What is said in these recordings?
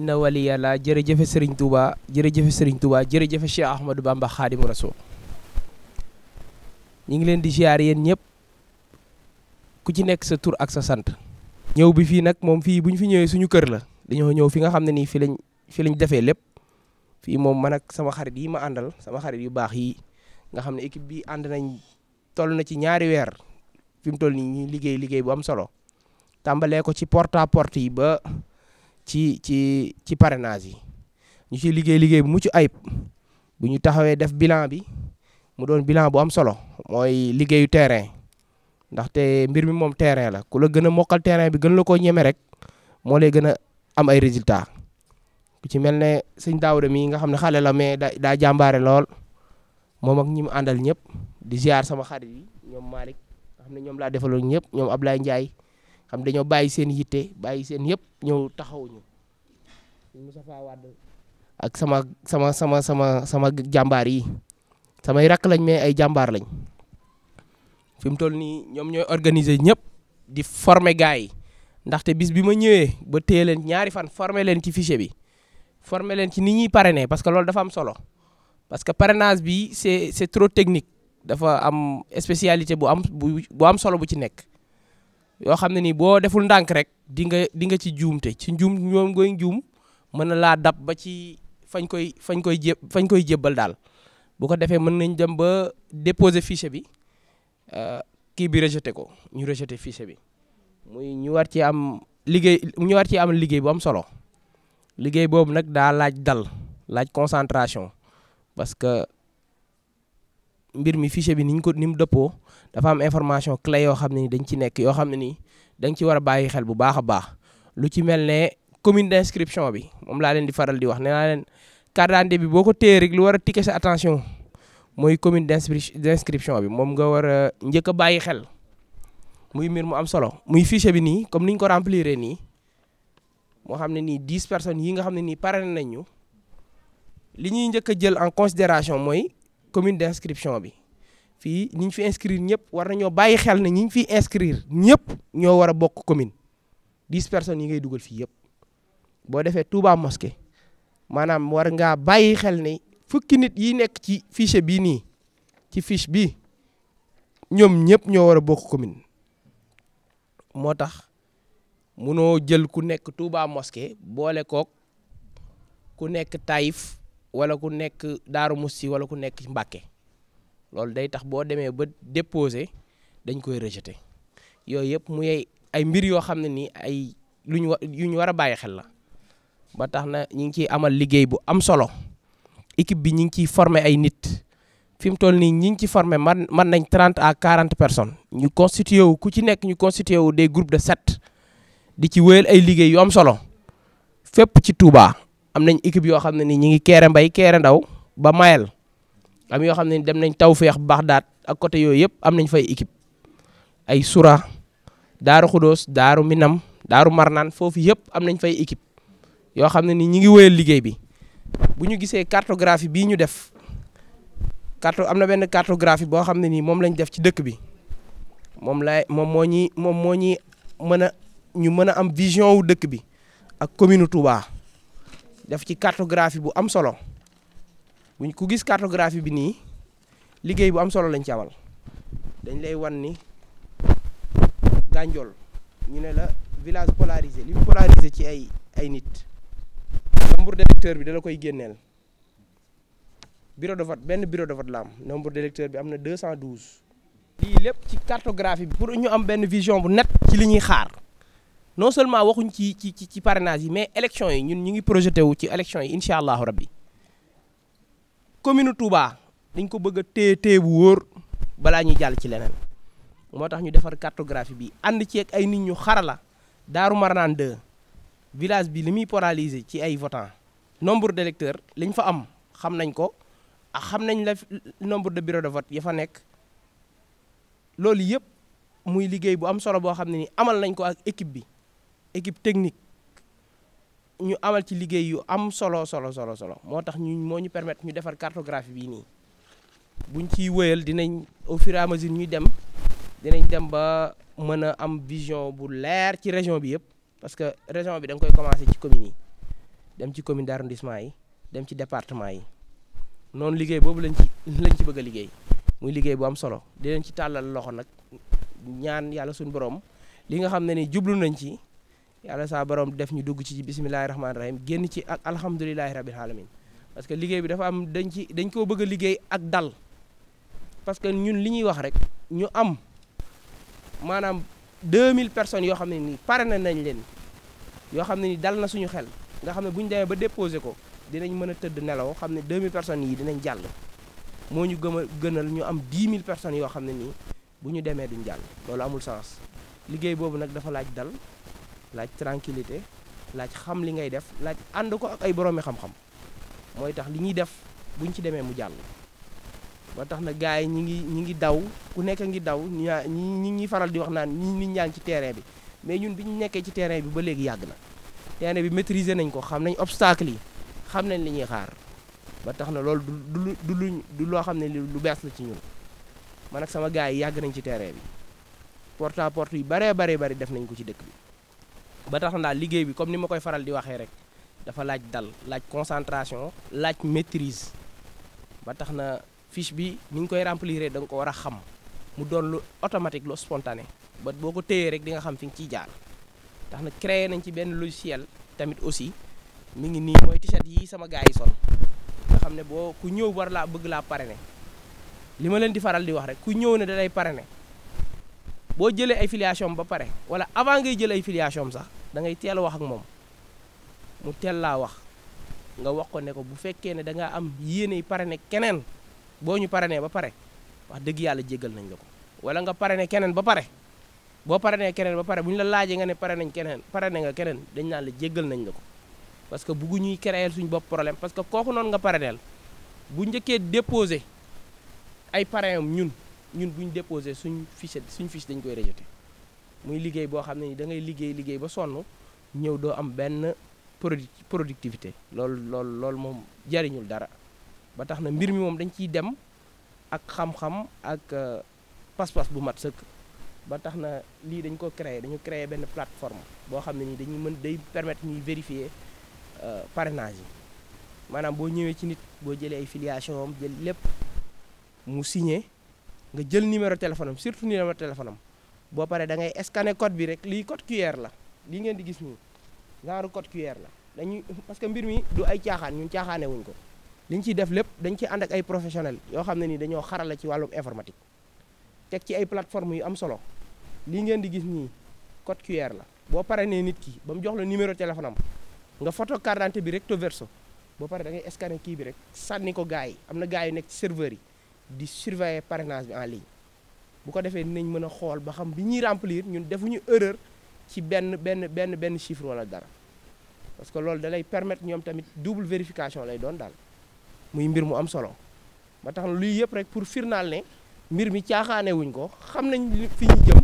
inna wali yàlla jërëjëfe sëriñ Touba jërëjëfe sëriñ Touba jërëjëfe Cheikh Ahmadou Bamba Xaadimu Rasuul ñu ngi leen di ziar yéen ñëpp ku ci nekk sa tur ak sa sant. ñëw bi fii nag moom fii bu ñu fi ñëwee suñu kër la dañoo ñëw fi nga xam ne nii fi lañ fi lañ defee lépp fii moom man ak sama xarit yi ma àndal sama xarit yu baax yi nga xam ne équipe bi ànd nañ toll na ci ñaari weer fi mu toll nii ñuy liggéey liggéey bu am solo tàmbalee ko ci porte à yi ba. ci ci ci parrainage yi ñu ci liggéey liggéey bi mucc ayib bu ñu taxawee def bilan bi mu doon bilan bu am solo mooy liggéeyu terrain ndaxte mbir mi moom terrain la ku la gën a mokkal terrain bi gën la koo ñeme rek moo lay gën a am ay résultat ku ci mel ne sëñ Daawda mi nga xam ne xale la mais daa daa jàmbaare lool moom ak ñi mu àndal ñëpp di ziar sama xarit yi ñoom Malick nga xam ne ñoom laa defaloon ñëpp ñoom ab Ablaye Ndiaye xam dañoo bàyyi seen yitte bàyyi seen yëpp ñëw taxawuñu ñu Moustapha sama sama sama sama sama jàmbaar yi sama rakk lañ mais ay jàmbaar lañ fi mu toll nii ñoom ñooy organiser ñëpp di former gars yi ndaxte bis bi ma ñëwee ba téye leen ñaari fan former leen ci fichier bi former leen ci ni ñuy ne parce que loolu dafa am solo parce que parrainage bi c'est c'est trop technique dafa am spécialité bu am bu am solo bu ci nekk yoo xam ne nii boo deful ndànk rek di nga di nga ci juumte ci njuum ñoom ngoy juum mën na laa dab ba ci fañ koy fañ koy jé fañ koy jébbal daal bu ko defee mën nañ dem ba déposer fichier bi euh, kii bi rejeté ko ñu rejeté fichier bi muy ñu war ci am liggéey ñu war ci am liggéey bu am solo liggéey boobu nag daa laaj dal laaj concentration parce que mbir mi fichier bi ni ñu ko ni mu dëppoo dafa am information clé yoo xam ne ni dañ ci nekk yoo xam ne nii dañ ci war a bàyyi xel bu baax a baax lu ci mel ne commune d'inscription bi moom laa leen di faral di wax nee naa leen carte d'identité boo ko téye lu war a tikke sa mooy commune d'inscription bi moom nga war a njëkk a bàyyi xel muy mbir mu am solo muy fichier bi nii comme ni ko remplir nii moo xam ne nii dix personnes yi nga xam ne nii pare nañ ñu li ñuy njëkk a jël en considération mooy commune d' inscription bi fii ñi fi inscrire ñëpp war nañoo bàyyi xel ne ñi ñu fi inscrir ñëpp ñoo war a bokk commune dix personnes yi ngay dugal fii yëpp boo defee Touba mosquée maanaam war ngaa bàyyi xel ne fukki nit yi nekk ci fiche bii nii ci fiche bi ñoom ñëpp ñoo war a bokk commune moo tax munoo jël ku nekk Touba mosquée boole kook ku nekk Taïf wala ku nekk Daaru Musti wala ku nekk Mbàkke loolu day tax boo demee ba déposé dañ koy rejeté yooyu yëpp muy ay mbir yoo xam ne nii ay lu ñu wa yu ñu war a bàyyi xel la ba tax na ñu ngi ciy amal liggéey bu am solo équipe bi ñu ngi ciy former ay nit fi mu toll nii ñi ngi ci former man mën nañ trente à quarante personnes ñu constitué wu ku ci nekk ñu constitué wu des groupes de sept di ci wéyal ay liggéey yu am solo fépp ci Touba. am nañ équipe yoo xam ne ni ñi ngi keere mbay keere ndaw ba mayel am yoo xam ne dem nañ tawféex bu baax daat ak côté yooyu yëpp am nañ fay équipe ay sura daaru xudoos daaru minam daaru marnaan foofu yëpp am nañ fay équipe yoo xam ne ni ñi ngi wéyal liggéey bi bu ñu gisee cartographie bii ñu def carto am na benn cartographie boo xam ne nii moom lañ def ci dëkk bi moom laay moom moo ñuy moom moo ñuy mën a ñu mën a am vision wu dëkk bi ak commune Touba def ci cartographie bu am solo buñ ku gis cartographie bi nii liggéey bu am solo lañ ci amal dañ lay wan ni Gandiol ñu ne la village polarisé li mu polarisé ci ay ay nit nombre d'électeurs bi dala koy génneel bureau de vote benn bureau de vote la am nombre d'électeurs bi am na 212 lii lépp ci cartographie bi pour ñu am benn vision bu net ci li ñuy xaar non seulement waxuñ ci ci ci ci parrainage yi mais élection yi ñun ñu ngi projeté wu ci élection yi incha allahu rabbi commune Touba dañ ko bëgg a tée téye bu wóor balaa ñuy jàll ci leneen moo tax ñu defar cartographie bi ànd ci ay nit ñu xarala Daaru Marnaan 2 village bi li muy polariser ci ay votants nombre d'électeurs liñ fa am xam nañ ko ak ah, xam nañ la nombre de bureau de vote ya fa nekk loolu yëpp muy liggéey bu am solo boo xam ne ni amal nañ ko ak équipe bi équipe technique ñu amal ci liggéey yu am solo solo solo solo moo tax ñu moo ñu permettre ñu defar cartographie bii nii buñ ciy wëyal dinañ au à mesure ñuy dem dinañ dem ba mën a am vision bu leer ci région bi yëpp parce que région bi da koy commencer ci communes yi dem ci commune d'arrondissement yi dem ci département yi noonu liggéey boobu lañ ci lañ ci bëgg a liggéey muy liggéey bu am solo dinañ ci tàllal loxo nag ñaan yàlla suñu borom li nga xam ne ni nañ ci yàlla saa borom def ñu dugg ci bisimilahi rahmaani rahim génn ci ak alhamdulilahi rabil alamin parce que liggéey bi dafa am dañ ci dañ koo bëgg a liggéey ak dal parce que ñun li ñuy wax rek ñu am maanaam 2000 personnes yoo xam ne nii pare na nañ leen yoo xam ne ni dal na suñu xel nga xam ne bu ñu demee ba déposé ko dinañ mën a tëdd nelaw xam ne 2000 personnes yi dinañ jàll moo ñu gëm gënal ñu am 10 000 personnes yoo xam ne nii bu ñu demee duñ jàll loolu amul sens liggéey boobu nag dafa laaj dal laaj tranquillité laaj xam li ngay def laaj ànd ko ak ay boroomi xam-xam mooy tax li ñuy def buñ ci demee mu jàll ba tax na gars yi ñi ngi ñi ngi daw ku nekk ngi daw ñaa ñi ñi faral di wax naan ñi nit ñaan ci terrain bi mais ñun bi ñu nekkee ci terrain bi ba léegi yàgg na terrain bi maîtriser nañ ko xam nañ obstacle yi xam nañ li ñuy xaar ba tax na loolu du du lu du loo xam ne lu bees la ci ñun man ak sama gars yi yàgg nañ ci terrain bi port à porte yu baree baree bari def nañ ko ci dëkk bi ba tax na liggéey bi comme ni ma koy faral di waxee rek dafa laaj dal laaj concentration laaj maîtrise ba tax na fiche bi ni ñu koy remplir da nga ko war a xam mu doon lu automatique lu spontané boo ko téyee rek di nga xam fi nga ciy jaar tax na créé nañ ci benn logiciel tamit aussi mu ngi nii mooy t-shirt yi sama gars yi sol nga xam ne boo ku ñëw war laa bëgg laa parrainer li ma leen di faral di wax rek ku ñëw ne da lay parrainer boo jëlee ay filiation ba pare wala avant ngay jël ay filiation sax da ngay teel a wax ak moom mu teel laa wax nga wax ko ne ko bu fekkee ne da ngaa am yéene yi pare ne keneen boo ñu pare ne ba pare wax dëgg yàlla jéggal nañ la ko wala nga pare ne keneen ba pare boo pare ne keneen ba pare bu ñu la laajee nga ne pare nañ keneen pare ne nga keneen dañ naan la jéggal nañ la ko parce que buggu ñuy créer suñu bopp problème parce que kooku noonu nga pareneel bu njëkkee déposé ay parrain ñun ñun bu ñu déposé suñ fiche suñ fiche dañ koy rejeté muy liggéey boo xam ne ni da liggéey liggéey ba sonn ñëw doo am benn productivité loolu lool loolu moom jariñul dara ba tax na mbir mi moom dañ ciy dem ak xam-xam ak euh, pas-pas bu mat sëkk ba tax na lii dañ ko créer dañu créer benn plateforme boo xam ne nii dañuy mën day permettre ñuy vérifier euh, parrainage yi maanaam boo ñëwee ci nit boo jëlee ay filiation am jël lépp mu signé nga jël numéro téléphone am surtout numéro téléphone am boo paree dangay ngay scanner code bi rek lii code QR la lii ngeen di gis nii genre code QR la dañuy parce que mbir mi ay caaxaan ñun caaxaane wuñ ko li ñu ciy def lépp dañ ciy ànd ak ay professionnel yoo xam ne ni dañoo xarala ci wàllum informatique teg ci ay plateforme yu am solo lii ngeen di gis nii code QR la boo paree nee nit ki ba mu jox la numéro téléphone nga photo carte bi rek recto verso boo paree dangay ngay scanner kii bi rek sànni ko gars yi am na gars yu nekk ci serveur yi di surveiller parrainage bi en ligne bu ko defee nañ mën a xool ba xam bi ñuy remplir ñun defuñu erreur ci benn benn benn benn chiffre wala dara parce que loolu da lay permettre ñoom tamit double vérification lay doon daal muy mbir mu am solo ba tax na luy yëpp rek pour firnaal ne mbir mi caaxaane wuñ ko xam nañ fi ñu jëm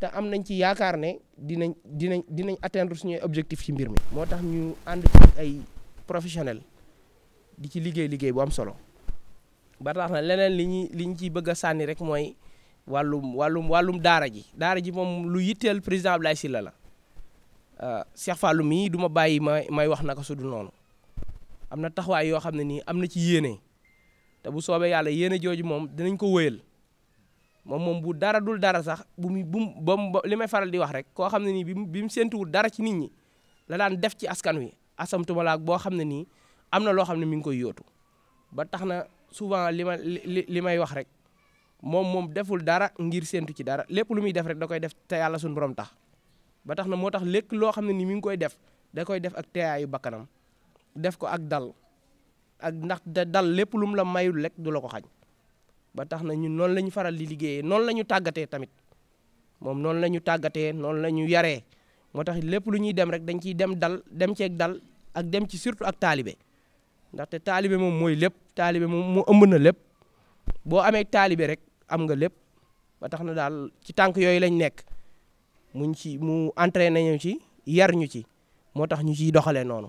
te am nañ ci yaakaar ne dinañ dinañ dinañ atteindre suñuy objectif ci mbir mi. moo tax ñu ànd ci ay professionnel di ci liggéey liggéey bu am solo. ba tax na leneen li ñu li ciy bëgg a sànni rek mooy wàllum wàllum wàllum daara ji daara ji moom lu yitteel président Abdoulaye si la euh, Cheikh Fallou mii du ma bàyyi ma may wax naka su noonu am na taxawaay yoo xam ne nii am na ci yéene te bu soobee yàlla yéene jooju moom dinañ ko wéyal moom moom bu dara dul dara sax bu mu bu mu li may faral di wax rek koo xam ne nii bi mu bi mu séntuwul dara ci nit ñi la daan def ci askan wi asamtumalaak boo xam ne nii am na loo xam ne mi ngi koy yootu ba tax na souvent li ma li li may wax rek moom moom deful dara ngir séntu ci dara lépp lu muy def rek da koy def te yàlla suñu borom tax ba tax na moo tax lépp loo xam ne ni mi ngi koy def da koy def ak teeyaayu bakkanam def ko ak dal ak ndax da dal lépp lu mu la mayul lekk du la ko xañ ba tax na ñu noonu la ñu faral di liggéeye noonu la ñu tàggatee tamit moom noonu la ñu tàggatee noonu la ñu yaree moo tax lépp lu ñuy dem rek dañ ciy dem dal dem ceeg dal ak dem ci surtout ak taalibe ndaxte taalibe moom mooy lépp taalibe moom moo ëmb na lépp boo amee taalibe rek am nga lépp ba tax na daal ci tànk yooyu lañ nekk muñ ci mu entraîné ñu ci yar ñu ci moo tax ñu ciy doxalee noonu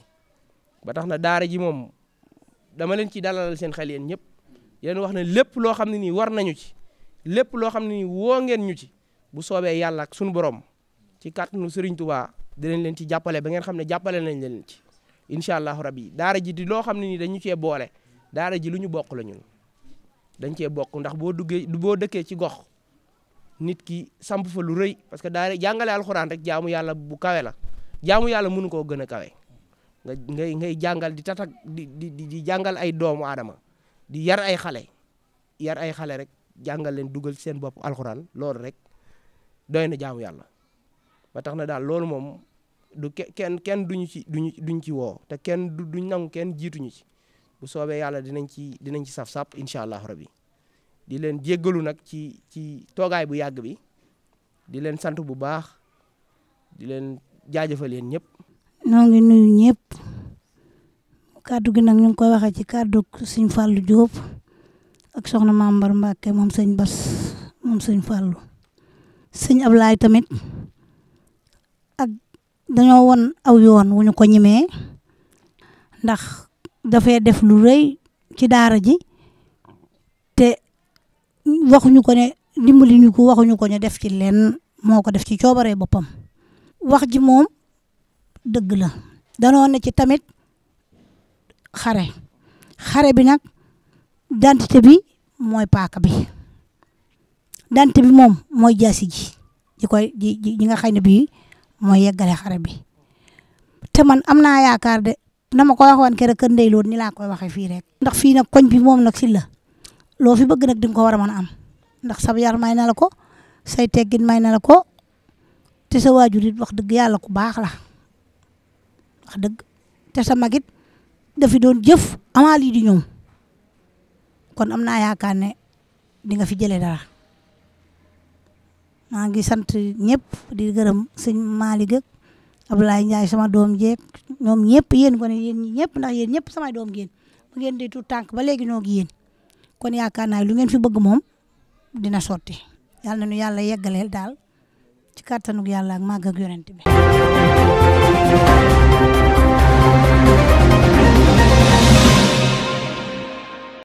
ba tax na daara ji moom dama leen ci dalalal seen xel yéen ñëpp yéen wax ne lépp loo xam ne nii war nañu ci lépp loo xam ne nii woo ngeen ñu ci bu soobee yàlla ak sunu borom ci kàttanu Serigne Touba dinañ leen ci jàppale ba ngeen xam ne jàppale nañ leen ci. incha allahu rabbi daara ji di loo xam ne ni dañu cee boole daara ji lu ñu bokk la ñun dañ cee bokk ndax boo duggee boo dëkkee ci gox nit ki samp fa lu rëy parce que daara jàngale alxuraan rek jaamu yàlla bu kawe la jaamu yàlla mënu koo gën a kawe nga ngay ngay jàngal di tatak di di di jàngal ay doomu aadama di yar ay xale yar ay xale rek jàngal leen dugal seen bopp alxuraan loolu rek doy na jaamu yàlla ba tax na daal loolu moom du kenn kenn duñu ci duñu duñ ci woo te kenn du duñ nangu kenn jiituñu ci bu soobee yàlla dinañ ci dinañ ci saf sàpp incha allah rabbi di leen jéggalu nag ci ci toogaay bu yàgg bi di leen sant bu baax di leen jaajëfal yéen ñëpp. ñoo ngi nuyu ñëpp kàddu gi nag ñu ngi koy waxee ci kàddu sëñ Fallou Diop ak soxna Maam Mbar Mbacke moom sëñ Bas moom sëñ Fallou sëñ Ablaye tamit dañoo won aw yoon wu ñu ko ñimee ndax dafay def lu rëy ci daara ji te waxuñu ko ne dimbali ñu ko waxuñu ko ñu def ci lenn moo ko def ci coobaree boppam wax ji moom dëgg la danoo ne ci tamit xare xare bi nag dantité bi mooy paaka bi dantité bi moom mooy jaasi ji ji koy ji nga xam ne bii mooy yeggale xare bi te man am naa yaakaar de dama ko waxoon keroog kër Ndeye ni laa koy waxee fii rek. ndax fii nag koñ bi moom nag si la loo fi bëgg nag di nga ko war a mën a am ndax sab yar may na la ko say teggin may na la ko te sa waajur it wax dëgg yàlla ku baax la wax dëgg te sa magit dafi doon jëf amaa lii di ñoom kon am naa yaakaar ne di nga fi jëlee dara. maa ngi sant ñëpp di gërëm sëñ Malick ak Ablaye Ndiaye sama doom jeeg ñoom ñëpp yéen ko ne yéen ñëpp ndax yéen ñëpp samay doom ngeen bu ngeen di tuut tànk ba léegi ñoo ngi yéen kon yaakaar naa lu ngeen fi bëgg moom dina sotti yàlla na nu yàlla yeggaleel daal ci kàttanug yàlla ak màgg ak yonent bi